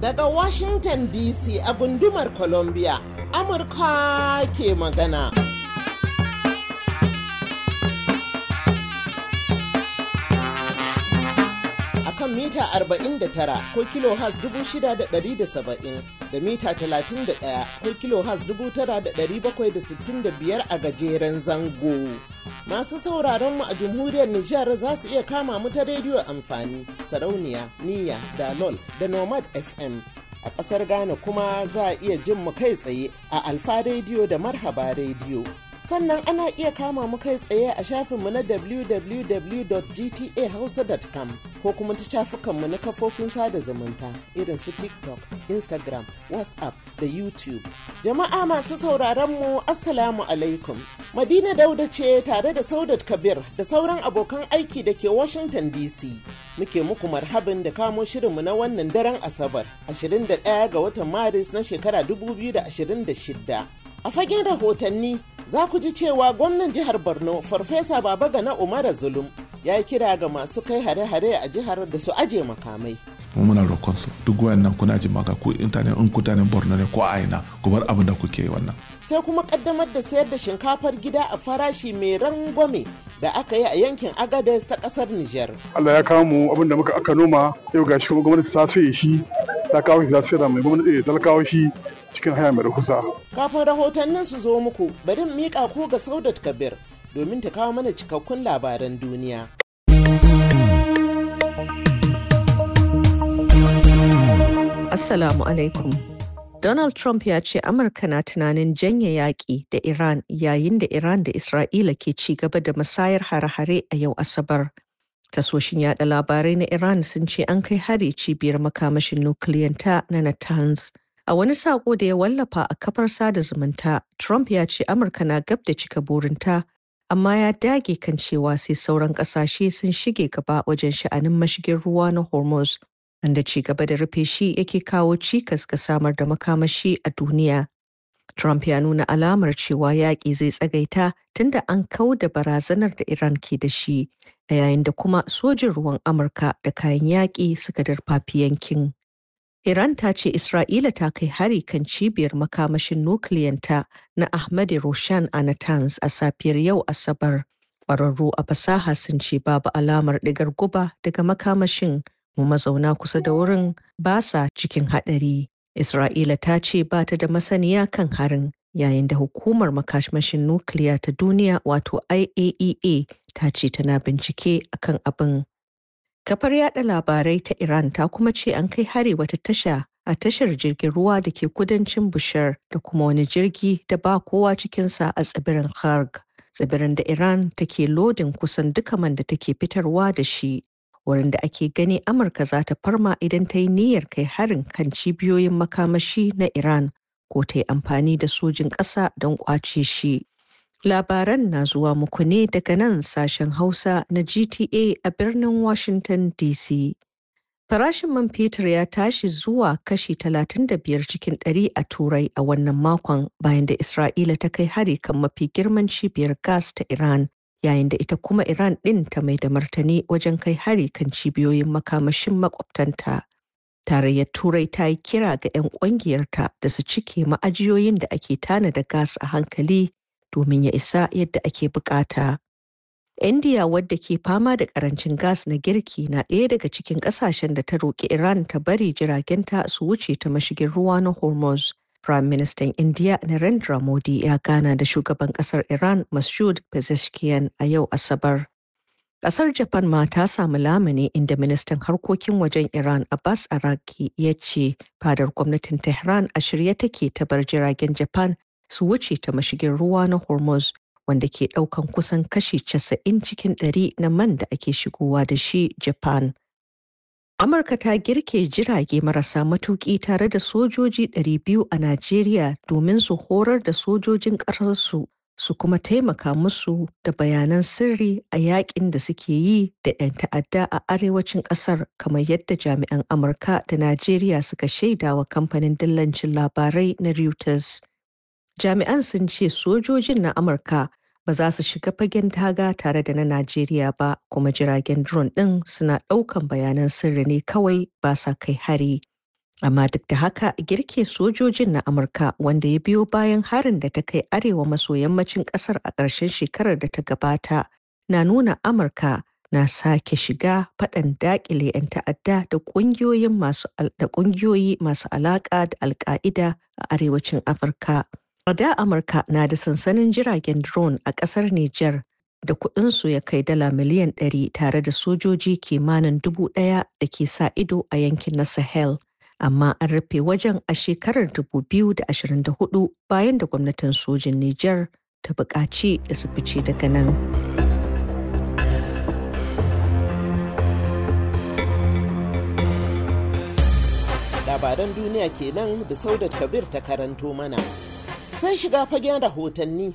Daga Washington DC a gundumar Columbia, Amurka ke magana. mita 49 ko kilo has 6,670 da mita 31 ko kilo has 9,765 a gajeren zango. Masu sauraron mu a jumhuriyar Nijar za su iya kama mu ta rediyo amfani, sarauniya, niyya, lol da nomad FM. A ƙasar Ghana kuma za a iya jin mu kai tsaye a Alfa rediyo da Marhaba rediyo. sannan ana iya kama mu kai tsaye a shafinmu na www.gtahausa.com ko kuma ta shafukanmu na kafofin sada zumunta irin su tiktok instagram whatsapp da youtube jama'a masu sauraron mu assalamu alaikum madina dauda ce tare da saudat kabir da sauran abokan aiki da ke washington dc muke muku marhabin da kamo shirinmu na wannan daren asabar 21 ga watan maris na shekara 2026 a fagen rahotanni za ku ji cewa gwamnan jihar borno farfesa baba gana umar zulum ya kira ga masu kai hare-hare a jihar da su aje makamai muna roƙon su duk wayannan kuna ji maka ku intanet in kutanen borno ne ko a aina ku bar abin da kuke wannan sai kuma kaddamar da sayar da shinkafar gida a farashi mai rangwame da aka yi a yankin agadez ta kasar niger allah ya kamu abin da muka aka noma yau gashi kuma gwamnati ta saye shi ta kawo shi ta sayar mai gwamnati ta kawo shi cikin haya mai rahusa. Kafin rahotannin su zo muku, bari miƙa ku ga Saudat Kabir domin ta kawo mana cikakkun labaran duniya. Assalamu alaikum. Donald Trump ya ce Amurka na tunanin janye yaƙi da Iran yayin da Iran da Isra'ila ke ci gaba da musayar hare-hare a yau Asabar. Tasoshin yada labarai na Iran sun ce an kai hari cibiyar makamashin nukiliyanta na Natanz. A wani saƙo da ya wallafa a kafar sada zumunta, Trump ya ce Amurka na gab da cika burinta, amma ya dage kan cewa sai sauran ƙasashe sun shige gaba wajen sha'anin mashigin ruwa na Hormuz, wanda ci gaba da rufe shi yake kawo cikas ga samar da makamashi a duniya. Trump ya nuna alamar cewa yaƙi zai tsagaita tunda an kau da barazanar da Iran ke da shi, a yayin da kuma sojin ruwan Amurka da kayan yaƙi suka darfafi yankin. Iran ta ce Isra'ila ta kai hari kan cibiyar makamashin nukiliyanta na Ahmad Roshan a Natanz a safiyar yau Asabar. Ƙwararru a fasaha sun ce babu alamar ɗigar guba daga makamashin mu mazauna kusa da wurin ba sa cikin haɗari. Isra'ila ta ce ba ta da masaniya kan harin yayin da hukumar makamashin nukiliya ta duniya wato IAEA e ta ce tana bincike akan abin. Kafar yaɗa labarai ta Iran ta kuma ce an kai hari wata tasha a tashar jirgin ruwa da ke kudancin Bushar da kuma wani jirgi da ba kowa cikinsa a tsibirin Kharg. Tsibirin da Iran take lodin kusan duka man da take fitarwa da shi. Wurin da ake gani Amurka za ta farma idan ta yi niyyar kai harin kan cibiyoyin makamashi na Iran ko ta yi amfani da sojin ƙasa don ƙwace shi. Labaran na zuwa muku ne daga nan sashen Hausa na GTA a birnin Washington DC. Farashin man fetur ya tashi zuwa kashi 35 cikin 100 a Turai a wannan makon bayan da Isra'ila ta kai hari kan mafi girman cibiyar gas ta Iran, yayin da ita kuma Iran ɗin ta mai da martani wajen kai hari kan cibiyoyin makamashin makwabtanta. Tarayyar Turai ta yi kira ga 'yan ƙungiyarta da su cike ma'ajiyoyin da ake tanada gas a hankali domin ya isa yadda ake bukata. India wadda ke fama da karancin gas na girki na ɗaya daga cikin ƙasashen da ta roƙi Iran ta bari jiragenta su wuce ta mashigin ruwa na Hormuz. Prime Minister India Narendra Modi ya gana da shugaban ƙasar Iran Masoud Pezeshkian a yau Asabar. Ƙasar Japan ma ta samu lamuni inda ministan harkokin wajen Iran Abbas Araki ya ce fadar gwamnatin Tehran a shirye take ta bar jiragen Japan su wuce ta mashigin ruwa na Hormuz wanda ke ɗaukan kusan kashi 90 cikin ɗari na man da ake shigowa da shi Japan. Amurka ta girke jirage marasa matuƙi tare da sojoji 200 a Najeriya domin su horar da sojojin ƙasarsu su kuma taimaka musu da bayanan sirri a yakin da suke yi da 'yan ta'adda a arewacin ƙasar kamar yadda jami'an Amurka da Najeriya suka shaidawa kamfanin dillancin labarai na Reuters. jami'an sun ce sojojin na amurka ba za su shiga fagen taga tare da na najeriya ba kuma jiragen drone ɗin suna ɗaukan bayanan sirri ne kawai ba sa kai hari amma duk da haka girke sojojin na amurka wanda ya biyo bayan harin da ta kai arewa maso yammacin ƙasar a ƙarshen shekarar da ta gabata na nuna amurka na sake shiga faɗan daƙile 'yan ta'adda da ƙungiyoyi masu alaƙa da alƙa'ida a arewacin afirka Da Amurka na da sansanin jiragen drone a ƙasar Nijar da kuɗinsu ya kai dala miliyan ɗari tare da sojoji kimanin dubu ɗaya da ke sa ido a yankin na Sahel. Amma an rufe wajen a shekarar 2024 bayan da gwamnatin sojin Nijar ta bukaci da su fice daga nan. labaran duniya kenan da Saudat Kabir ta karanto mana. sai shiga fagen rahotanni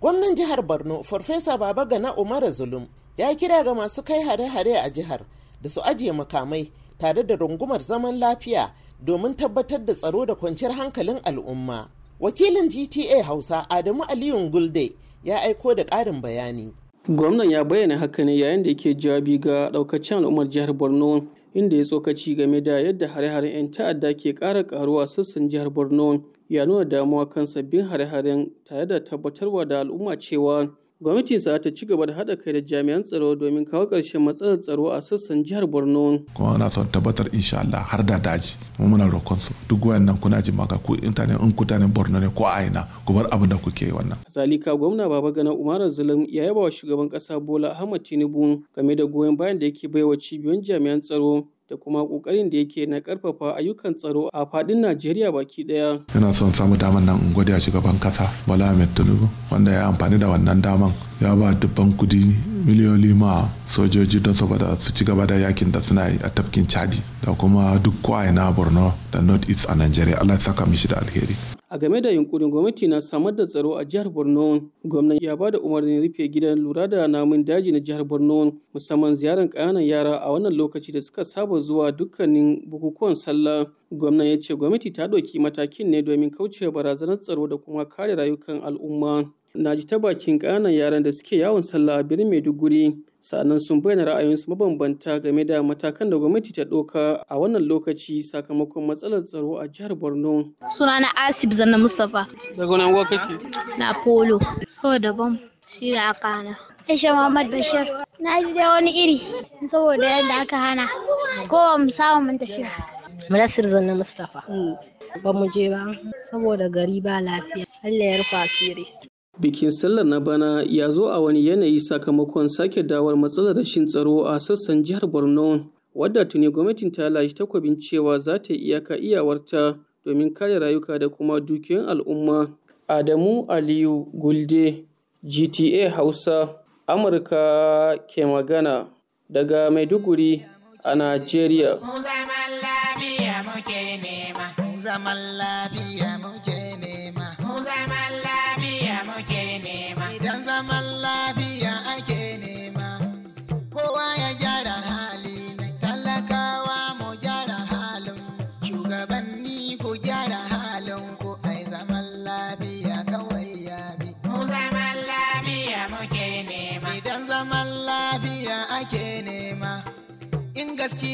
gwamnan jihar borno farfesa baba gana umar zulum ya kira ga masu kai hare-hare a jihar da su ajiye makamai tare da rungumar zaman lafiya domin tabbatar da tsaro da kwanciyar hankalin al'umma wakilin gta hausa adamu aliyun gulde ya aiko da ƙarin bayani gwamnan ya bayyana haka ne yayin da yake jawabi ga ɗaukacin al'ummar jihar borno inda ya tsokaci game da yadda hare-haren 'yan ta'adda ke ƙara ƙaruwa sassan jihar borno ya nuna damuwa kan sabbin hare-haren tare da tabbatarwa da al'umma cewa gwamnatin sa ta ci gaba da haɗa kai da jami'an tsaro domin kawo ƙarshen matsalar tsaro a sassan jihar borno kuma ana son tabbatar insha Allah har da daji mu muna roƙon su duk wayannan kuna ji maka ku intanet in kutanen borno ne ko aina ku bar abin da kuke wannan zalika gwamna baba gana umar zulum ya yaba wa shugaban ƙasa bola ahmad tinubu game da goyon bayan da yake baiwa cibiyoyin jami'an tsaro da kuma kokarin da yake na karfafa ayyukan tsaro a faɗin Najeriya baki ɗaya. Yana son samu daman nan in gode shugaban kasa Bola Ahmed Tinubu wanda ya amfani da wannan daman ya ba dubban kudi miliyoyi ma sojoji don saboda su ci gaba da yakin da suna yi a tafkin Chadi da kuma duk kwaya na Borno da North East a Najeriya Allah ya saka mishi da alheri. a game da yunkurin gwamnati na samar da tsaro a jihar borno gwamnan ya ba da umarnin rufe gidan lura da namun daji na jihar borno musamman ziyarar kananan yara a wannan lokaci da suka saba zuwa dukkanin bukukuwan sallah gwamnan ya ce gwamnati ta ɗauki matakin ne domin kaucewa barazanar tsaro da kuma kare rayukan al'umma na ji ta bakin kananan yaran da suke yawon sallah a birnin maiduguri sa'annan sun bayyana ra'ayoyinsu mabambanta game da matakan da gwamnati ta ɗauka a wannan lokaci sakamakon matsalar tsaro a jihar borno Suna na asif zanna mustapha daga wani wa kake na polo so daban shi da aka hana aisha muhammad bashir na ji dai wani iri saboda yadda aka hana ko ba mu samu mun tafiya mudassir zanna mustapha mm. ba mu je ba saboda gari ba lafiya Allah ya rufa asiri bikin sallar na bana ya zo a wani yanayi sakamakon sake dawar matsalar rashin tsaro a sassan jihar borno wadda tuni gwamnatin ta lashe takwabin cewa za ta iyaka iyawarta domin kare rayuka da kuma dukiyoyin al'umma adamu aliyu gulde gta hausa amurka ke magana daga maiduguri a najeriya zaman lafiya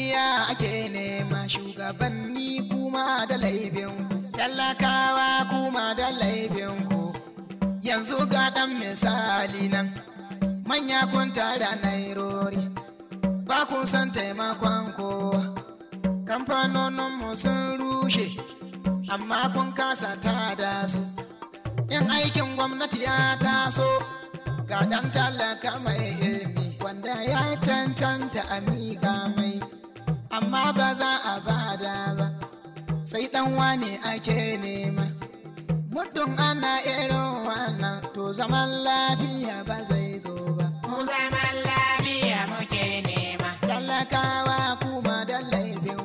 ya ake nema shugabanni kuma da laifinku talakawa kuma da laifinku yanzu ga dan misali nan manya kun tara nairori ba kun san taimakon kowa kamfanoninmu sun rushe amma kun kasa ta da su in aikin gwamnati ya taso ga dan talaka mai ilmi wanda ya cancanta a mai amma ba za a bada ba sai dan wane ake nema mudun ana irin wannan to zaman lafiya ba zai zo ba mu zaman lafiya muke nema talakawa kuma da ku.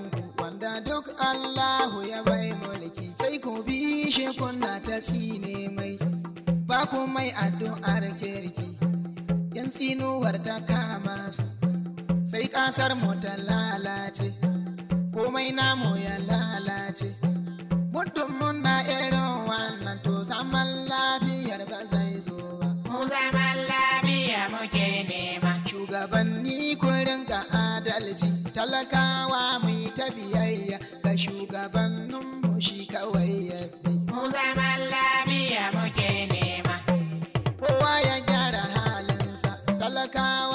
wanda duk allahu ya bai mulki sai ku bi shi kunna ta tsine mai ba ku mai addu'ar kirki yan tsinuwar ta kama su sai kasar mu ta lalace komai namu ya lalace mun na irin wannan to zaman lafiyar ba zai zo ba mu zaman lafiya muke nema shugabanni ku rinka adalci talakawa mu yi ta biyayya ga shugabannin mu shi kawai ya mu zaman lafiya muke nema kowa ya gyara halinsa talakawa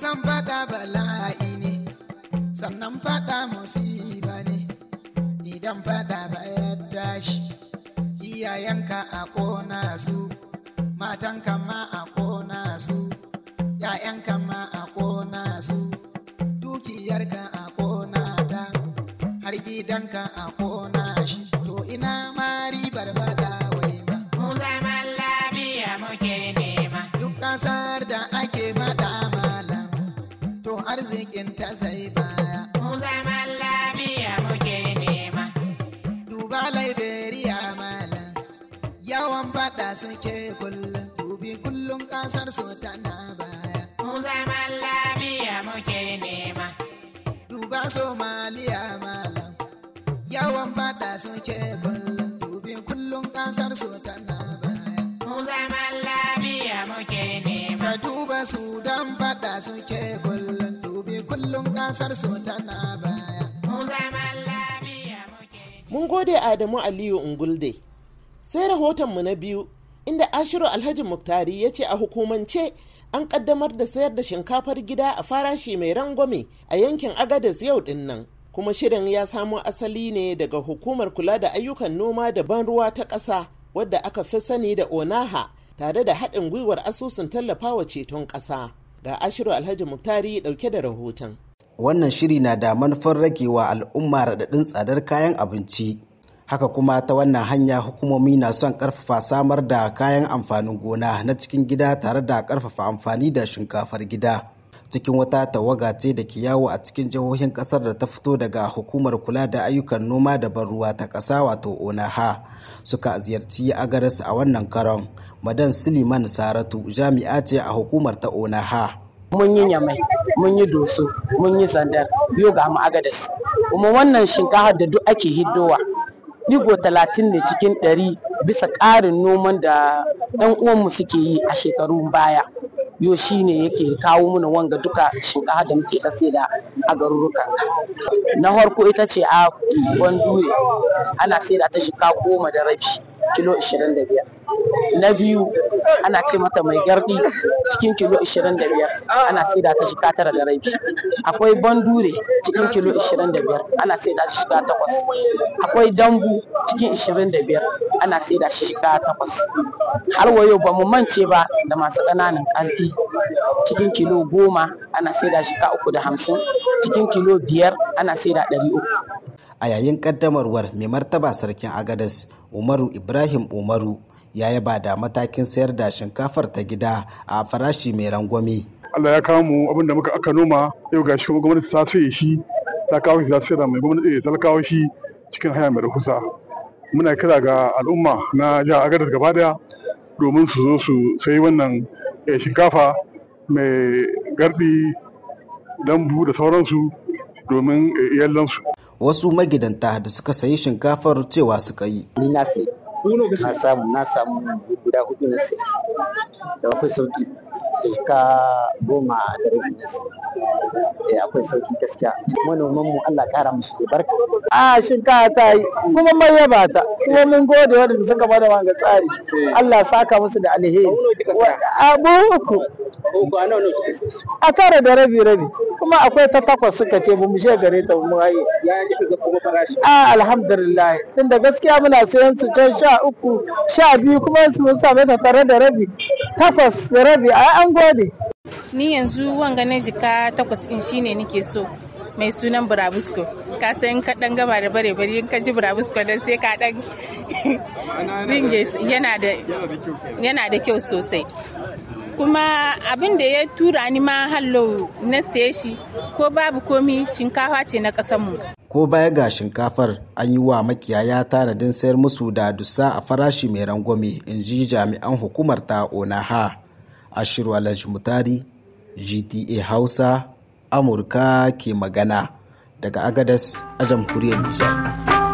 san faɗa bala'i ne sannan faɗa musiba ne idan faɗa ba ya tashi iyayenka a kona su matanka ma a kona su ‘ya'yanka ma a kona su dukiyarka a kona ta har gidanka a kona shi to ina mari ribar wai ba mu zama lafiya muke nema duk ƙasa cikin ta sai baya. Mu zaman lafiya muke nema. Duba Liberia malam, yawan faɗa suke kullum, dubi kullum ƙasar su tana baya. Mu zaman lafiya muke nema. Duba Somaliya malam, yawan faɗa suke kullum, dubi kullum ƙasar su tana baya. Mu zaman lafiya muke nema. Ka duba Sudan faɗa suke kullum. kullum kasar so tana baya mu zaman lafiya muke mun gode Adamu Aliyu Ungulde sai rahotonmu na biyu inda ashiru alhaji muktari ya ce a hukumance an kaddamar da sayar da shinkafar gida a farashi mai rangwame a yankin Agadez yau din nan kuma shirin ya samo asali ne daga hukumar kula da ayyukan noma da ban ruwa ta ƙasa wadda aka fi sani da onaha tare da haɗin gwiwar asusun tallafawa ceton ƙasa Ga Ashiru Alhaji mutari dauke da rahoton. Wannan shiri na da manufar ragewa al'umma raɗaɗin tsadar kayan abinci. haka kuma ta wannan hanya hukumomi na son ƙarfafa samar da kayan amfanin gona na cikin gida tare da ƙarfafa amfani da shinkafar gida cikin wata tawaga ce da ke yawo a cikin jihohin kasar da ta fito daga hukumar kula da ayyukan noma da ban ruwa ta kasa wato onaha suka ziyarci agaris a wannan karon madan siliman saratu jami'a ce a hukumar ta onaha mun yi nyamai mun yi doso mun yi zandar biyu ga mu agadas kuma wannan shinkafa da duk ake hiddowa digo talatin ne cikin ɗari bisa ƙarin noman da ɗan uwanmu suke yi a shekarun baya yau shi ne yake kawo mana wanga duka shinkafa da muke ta saida a garuruka na farko ita ce a gwandure ana saida ta shinkafa goma da rabi kilo biyar. na biyu ana ce mata mai gardi cikin kilo 25 ana da ta shiga tara da rabi akwai bandure cikin kilo 25 ana da shi shiga takwas akwai dambu cikin 25 ana da shi shiga takwas har wayo ba mu mance ba da masu ƙananan ƙarfi cikin kilo goma ana shi shiga uku da hamsin cikin kilo biyar ana da ɗari uku a yayin ƙaddamarwar mai martaba sarkin agadas umaru ibrahim umaru ya yaba da matakin sayar da shinkafar ta gida a farashi mai rangwami Allah ya kawo mu abin da muka aka noma yau gashi kuma gwamnati ta saye shi ta kawo shi ta sayar mai gwamnati ta kawo shi cikin haya mai rahusa. Muna kira ga al'umma na jihar Agadez gaba daya domin su zo su sayi wannan eh, shinkafa mai gardi dambu da sauransu domin eh, iyalansu. Wasu magidanta da suka sayi shinkafar cewa suka yi. Ni na sayi na samu na samu guda hudu na sai da akwai sauki jika goma da rabi na akwai sauki gaskiya manoman mu Allah kara musu barka a shinkafa ta yi kuma mai yaba ta kuma mun gode waɗanda suka bada wanga tsari eh. Allah saka musu da alheri abu uku a tara da rabi rabi kuma akwai ta takwas suka ce mu je gare ta mu haye a alhamdulillah tunda gaskiya muna sayan su can sha uku sha biyu kuma su mun same ta tare da rabi takwas da rabi a an gode ni yanzu wanga na jika takwas in ne nake so mai sunan burabusko ka san ka dan gaba da bare bare in ka ji burabusko dan sai ka dan ringe yana da kyau sosai kuma abin da ya tura ni ma hallo na saye shi ko babu komi shinkafa ce na mu. ko baya ga shinkafar an yi wa makiyaya din sayar musu da dusa a farashi mai rangwame in ji jami'an hukumar ta ha. Ashiru Alhaji Mutari, GTA Hausa, Amurka ke magana daga Agadas a jamhuriyar Nijar.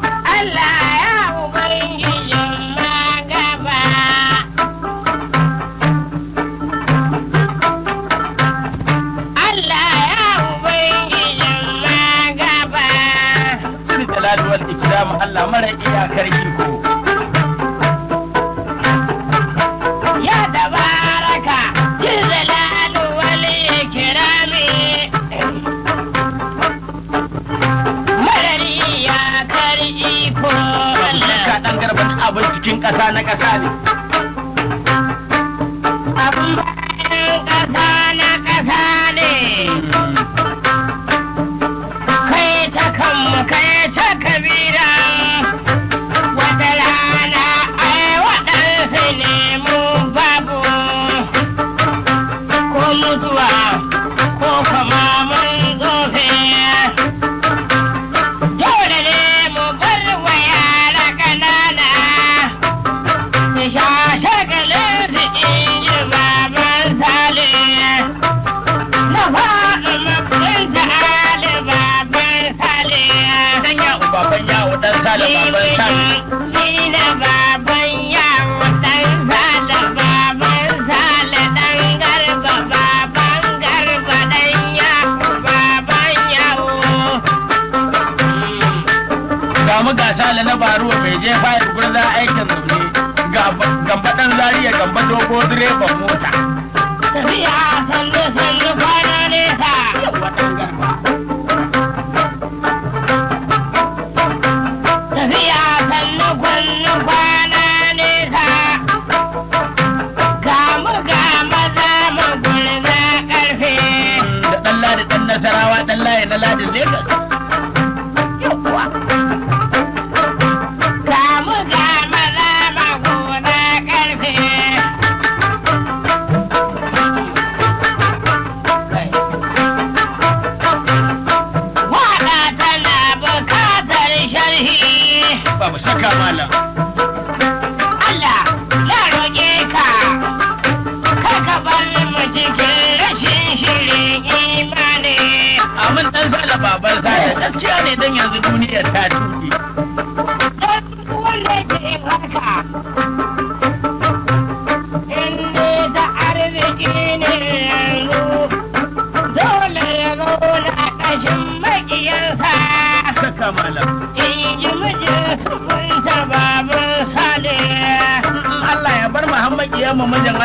nasarawa dan layi na ladin Legas.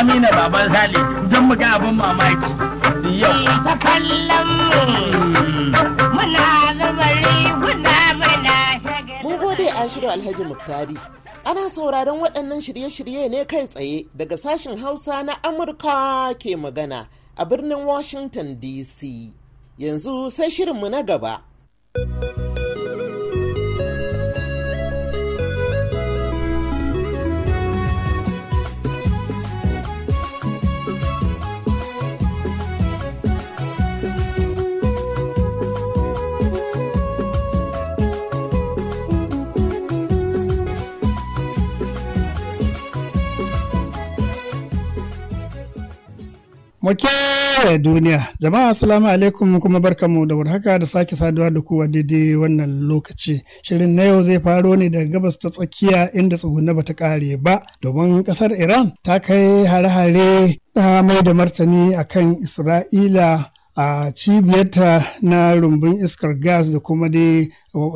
Amina baban Sale don mu ga abin mamaki. Mun gode a shirin Alhaji Muktari. Ana sauraron waɗannan shirye-shirye ne kai tsaye daga sashen Hausa na Amurka ke magana a birnin Washington DC. Yanzu sai shirinmu na gaba. thank you mu duniya jama'a assalamu alaikum kuma barkamu da warhaka da sake saduwa da kowa daidai wannan lokaci shirin na yau zai faro ne daga gabas ta tsakiya inda tsuguna bata kare ba domin kasar iran ta kai hare-hare na mai da martani akan isra'ila a cibiyarta na rumbun iskar gas da kuma dai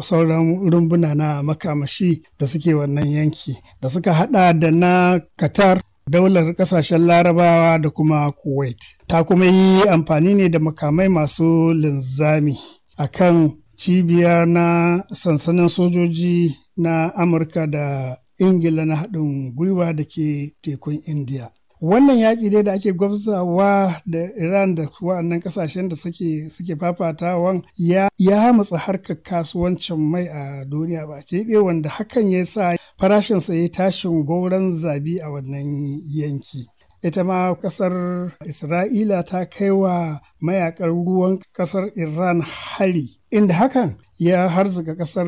sauran rumbuna na makamashi da suke wannan yanki da suka hada da na qatar daular kasashen larabawa da kuma kuwait ta kuma yi amfani ne da makamai masu linzami a kan cibiya na sansanin sojoji na amurka da ingila na haɗin gwiwa da ke tekun indiya wannan yaƙi dai da ake gwabzawa da iran da wa'annan ƙasashen da suke suke fafatawan ya ya matsa harkar kasuwancin mai a duniya ba ke ɗaya wanda hakan ya sa farashinsa ya tashin goron zabi a wannan yanki ita ma ƙasar isra'ila ta kai wa mayakar ruwan ƙasar iran hari inda hakan ya harzuka ƙasar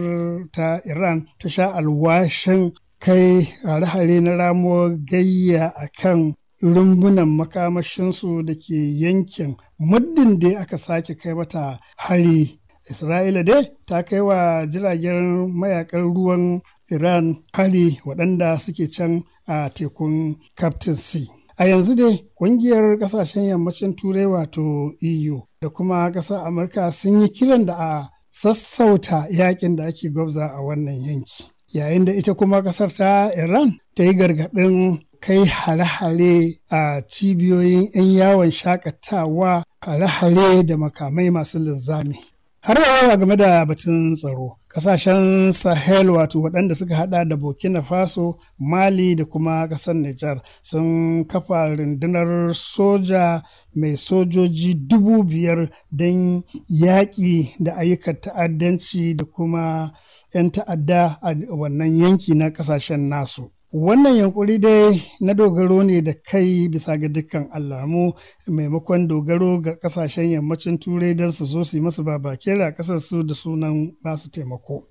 ta iran ta sha alwashin kai hare-hare na ramuwar gayya a kan rumbunan makamashinsu da ke yankin muddin da aka sake kai mata hari isra'ila dai ta kai wa jiragen mayakan ruwan iran hari waɗanda suke can a tekun captain sea a yanzu dai ƙungiyar ƙasashen yammacin turai wato eu da kuma ƙasar amurka sun yi kiran da a sassauta yakin da ake gwabza a wannan yanki yayin da ita kuma kasar ta iran ta yi gargaɗin kai hare-hare a cibiyoyin 'yan yawon shakatawa hare-hare da makamai masu linzami har yawa game da batun tsaro kasashen sahel wato waɗanda suka hada da burkina faso mali da kuma ƙasar nijar sun kafa rundunar soja mai sojoji dubu biyar don yaƙi da ayyukan ta'addanci da kuma 'yan ta'adda a wannan yanki na ƙasashen nasu. Wannan yankuri dai na dogaro ne da kai bisa ga dukkan alamu maimakon dogaro ga kasashen yammacin turai don su zo su yi masu babakere a ƙasar da sunan basu taimako.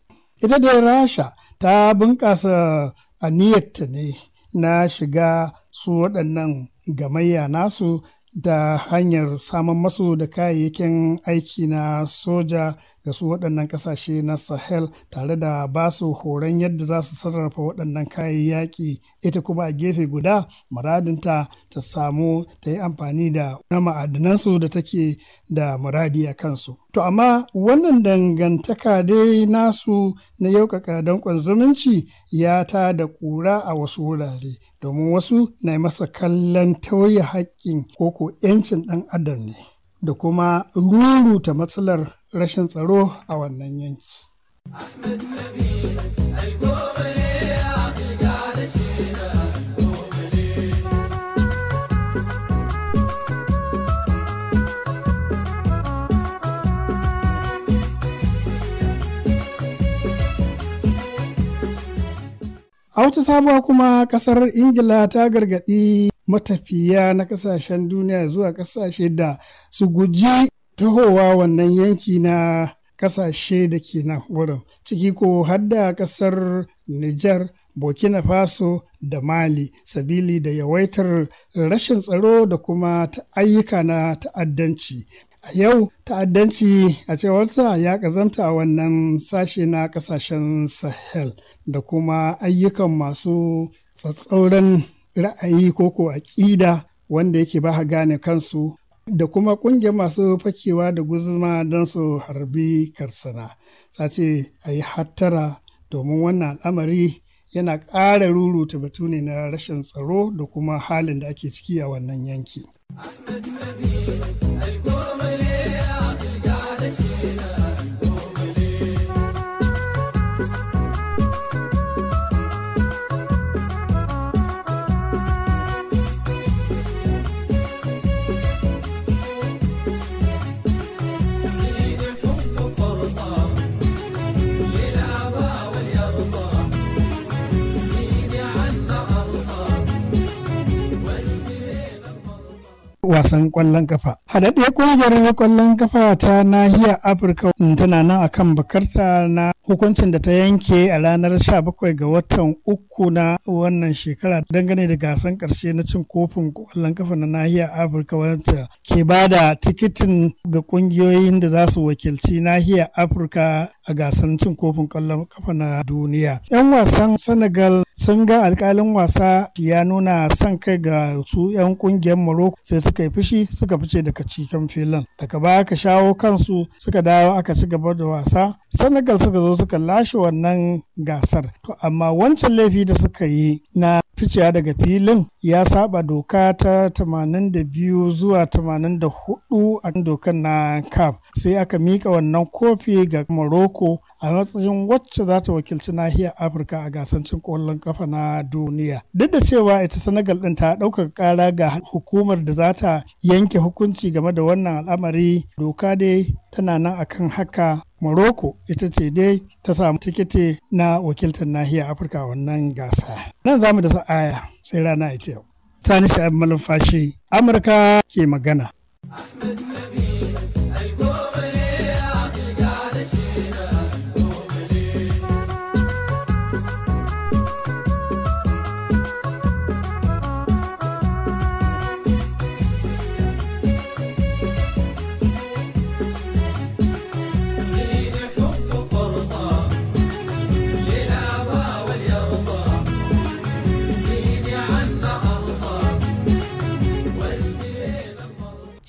Ita dai Rasha ta bunƙasa aniyarta ne na shiga su waɗannan gamayya nasu da hanyar samun masu da kayayyakin aiki na soja ga su waɗannan ƙasashe na sahel tare da ba su horon yadda za su sarrafa waɗannan kayayyaki ita kuma a gefe guda muradinta ta samu ta yi amfani da na ma'adinansu da take da muradi a kansu to amma wannan dangantaka dai nasu na yaukaka danƙon zumunci ya ta da ƙura a wasu wurare domin wasu na masa kallon tauye haƙƙin koko 'yancin ɗan adam ne da kuma ruruta matsalar rashin tsaro a wannan yanki. A wata sabuwa kuma kasar Ingila ta gargaɗi matafiya na kasashen duniya zuwa kasashe da su guji tahowa wannan yanki na kasashe da ke nan wurin ciki ko hadda kasar Nijar Burkina Faso da Mali sabili da yawaitar rashin tsaro da kuma ayyuka na ta'addanci. A yau ta'addanci a cewarta ya kazanta a wannan sashe na kasashen Sahel da kuma ayyukan masu tsatsauran ra'ayi ko ko aƙida wanda yake ba gane kansu da kuma ƙungiyar masu fakewa da guzma don su harbi karsana ta ce a yi hattara domin wannan al'amari yana ƙara ruruta batu ne na rashin tsaro da kuma halin da ake ciki a wannan yanki. wasan kwallon kafa. Haɗaɗɗiyar ƙungiyar kwallon kafa ta nahiyar Afirka tana nan akan bakarta na hukuncin da ta yanke a ranar 17 ga watan uku na wannan shekara dangane da gasan karshe na cin kofin kwallon kafa na nahiyar afirka wadda ke ba da tikitin ga kungiyoyin da za su wakilci nahiyar afirka a gasan cin kofin kwallon kafa na duniya yan wasan senegal sun ga alkalin wasa ya nuna son kai ga su yan kungiyar morocco sai suka yi fushi suka fice daga cikin filin daga baya aka shawo kansu suka dawo aka ci gaba da wasa senegal suka zo suka lashe wannan gasar to amma wancan laifi da suka yi na ficewa daga filin ya saba doka ta 82 zuwa 84 a dokan na CAF sai aka mika wannan kofi ga Morocco a matsayin wacce za ta wakilci nahiyar afirka a gasar cin kwallon kafa na duniya duk da cewa ita senegal ɗin ta ɗaukaka kara ga hukumar da za ta yanke hukunci game da wannan al'amari doka dai tana nan akan haka Morocco ita ce dai ta samu tikiti na wakiltar nahiyar Afirka wannan gasa. Nan zamu da sa'aya sai rana ita yau. Sani Sha'ib Malumfashi, Amurka ke magana.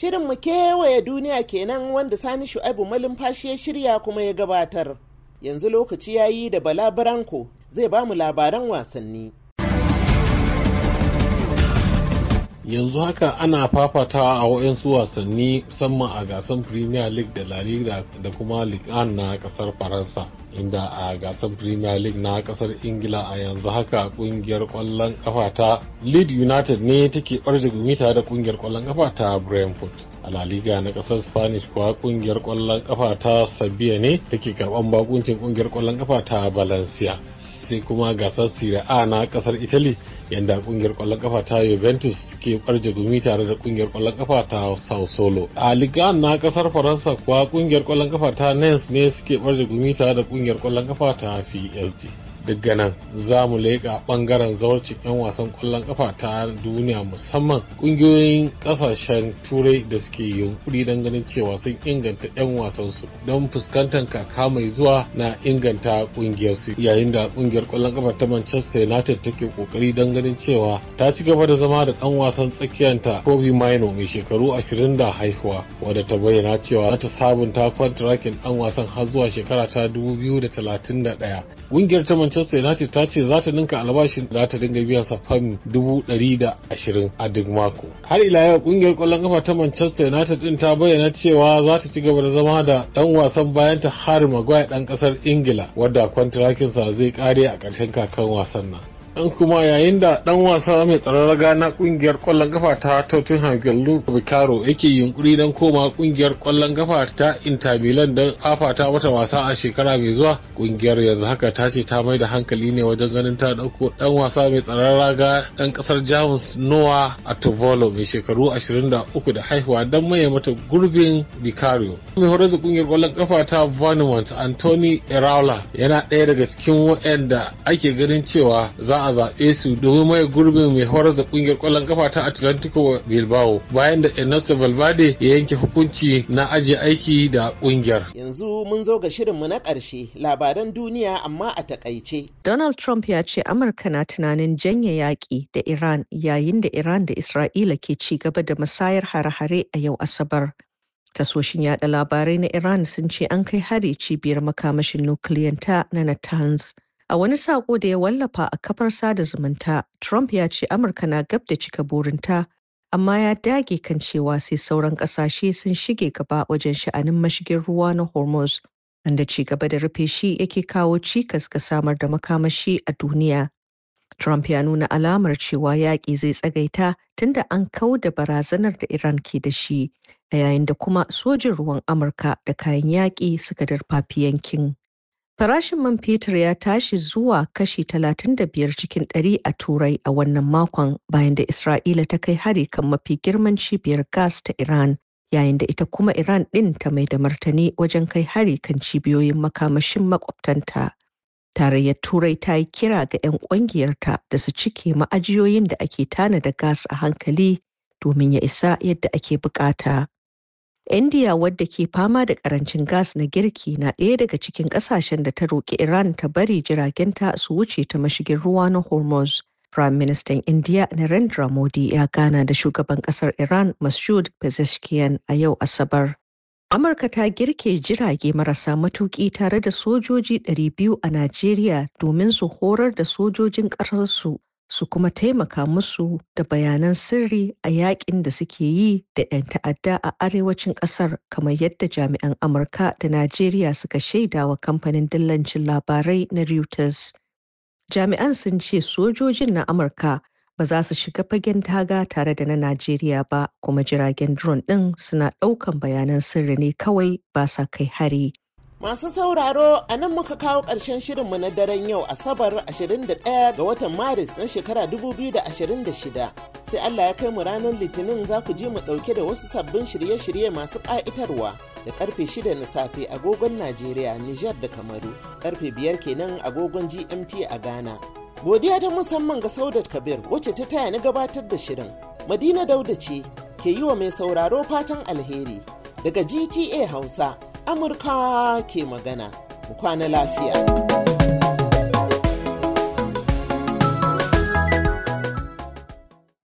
Shirin mu kewaye duniya kenan wanda Sani Shu'aibu malumfashi ya shirya kuma ya gabatar. Yanzu lokaci ya yi da Bala Branko zai ba mu labaran wasanni. yanzu haka ana fafatawa a wayansu wasanni musamman a gasar premier league da la liga da kuma ligue na kasar faransa inda a gasar premier league na kasar ingila a yanzu haka kungiyar kwallon kafa ta lead united ne take barje gumi tare da kungiyar kwallon kafa ta brentford a la liga na kasar spanish kuwa kungiyar kwallon kafa ta sabia ne take karban bakuncin kungiyar kwallon kafa ta valencia sai kuma gasar serie a na kasar italy yadda kungiyar kwallon kafa ta Juventus ke barje gumi tare da kungiyar kwallon kafa ta Sao Solo. A ligan na kasar Faransa kuwa kungiyar kwallon kafa ta Nens ne suke barje gumi tare da kungiyar kwallon kafa ta PSG. daga nan za mu leƙa ɓangaren zawarci 'yan wasan ƙwallon ƙafa ta duniya musamman ƙungiyoyin ƙasashen turai da suke yunkuri don ganin cewa sun inganta 'yan wasansu don fuskantar kaka mai zuwa na inganta ƙungiyarsu yayin da ƙungiyar ƙwallon ƙafa ta manchester united take ƙoƙari don ganin cewa ta ci gaba da zama da ɗan wasan tsakiyanta kobe maino mai shekaru ashirin da haihuwa wadda ta bayyana cewa za ta sabunta kwantirakin ɗan wasan har zuwa shekara ta ɗaya. Ƙungiyar ta Manchester United ta ce za ta ninka albashin da ta dinga biyan sa fam dubu ɗari da ashirin a duk mako. Har ila yau ƙungiyar kwallon kafa ta Manchester United ɗin ta bayyana cewa za ta ci gaba da zama da ɗan wasan bayan ta Harry Maguire ɗan ƙasar Ingila wadda sa zai kare a ƙarshen kakan wasan nan. an kuma yayin da dan wasa mai tsaron raga na kungiyar kwallon kafa ta Tottenham Gallu Bikaro yake yunkuri don koma kungiyar kwallon kafa ta Inter Milan don fafata mata wasa a shekara mai zuwa kungiyar yanzu haka ta ce ta mai da hankali ne wajen ganin ta dauko dan wasa mai tsararraga raga dan kasar Jamus Noah Atovolo mai shekaru 23 da haihuwa don maye mata gurbin Bikaro mai horar da kungiyar kwallon gafa ta Vanuatu Anthony Eraula yana ɗaya daga cikin waɗanda ake ganin cewa za a a zaɓe su domin maye gurbin mai horar da kungiyar kwallon kafa ta Atlantico Bilbao bayan da Ernesto Valverde ya yanke hukunci na aje aiki da kungiyar. Yanzu mun zo ga shirin mu na ƙarshe labaran duniya amma a takaice. Donald Trump ya ce Amurka na tunanin janye yaƙi da Iran yayin da Iran da Isra'ila ke ci gaba da musayar hare-hare a yau Asabar. Tasoshin yada labarai na Iran sun ce an kai hari cibiyar makamashin nukiliyanta na Natanz. A wani sako da ya wallafa a kafar sada zumunta, Trump ya ce Amurka na gab da cika burinta, amma ya dage kan cewa sai sauran ƙasashe sun shige gaba wajen sha'anin mashigin ruwa na Hormuz, wanda ci gaba da rufe shi yake kawo cikas ga samar da makamashi a duniya. Trump ya nuna alamar cewa yaƙi zai tsagaita tunda an kau da barazanar da Iran ke da shi, a yayin da kuma sojin ruwan Amurka da kayan yaƙi suka darfafi yankin. Farashin man fetur ya tashi zuwa kashi 35 cikin 100 a Turai a wannan makon bayan da Isra'ila ta kai hari kan mafi girman cibiyar gas ta Iran, yayin da ita kuma Iran ɗin ta mai da martani wajen kai hari kan cibiyoyin makamashin makwabtanta. Tarayyar Turai ta yi kira ga 'yan ƙungiyarta da su cike ma'ajiyoyin da ake tanada gas a hankali domin ya isa yadda ake bukata. India wadda ke fama da karancin gas na girki na ɗaya daga cikin ƙasashen da ta roƙi Iran ta bari jiragenta su wuce ta mashigin ruwa na Hormuz. Prime Minister India Narendra Modi ya gana da shugaban ƙasar Iran Masoud Pezeshkian a yau Asabar. Amurka ta girke jirage marasa matuƙi tare da sojoji 200 a Najeriya domin su horar da sojojin ƙasarsu su kuma taimaka musu da bayanan sirri a yakin da suke yi da 'yan ta'adda a arewacin kasar kamar yadda jami'an Amurka da Najeriya suka shaida wa kamfanin dillancin labarai na Reuters. Jami'an sun ce sojojin na Amurka ba za su shiga fagen taga tare da na Najeriya ba kuma jiragen drone ɗin suna ɗaukan bayanan sirri ne kawai ba sa kai hari. Masu sauraro a nan muka kawo ƙarshen shirinmu na daren yau Asabar 21 ga watan Maris na shekara 2026. Sai Allah ya kai mu ranar Litinin za ku ji mu ɗauke da wasu sabbin shirye-shirye masu ƙa'itarwa da karfe 6 na safe agogon Najeriya, Nijar da Kamaru, karfe 5 kenan agogon GMT a Ghana. Godiya ta musamman ga Saudat Kabir wacce ta taya ni gabatar da shirin. Madina Dauda ce ke yi wa mai sauraro fatan alheri daga GTA Hausa. Amurka ke magana. Mu kwana lafiya.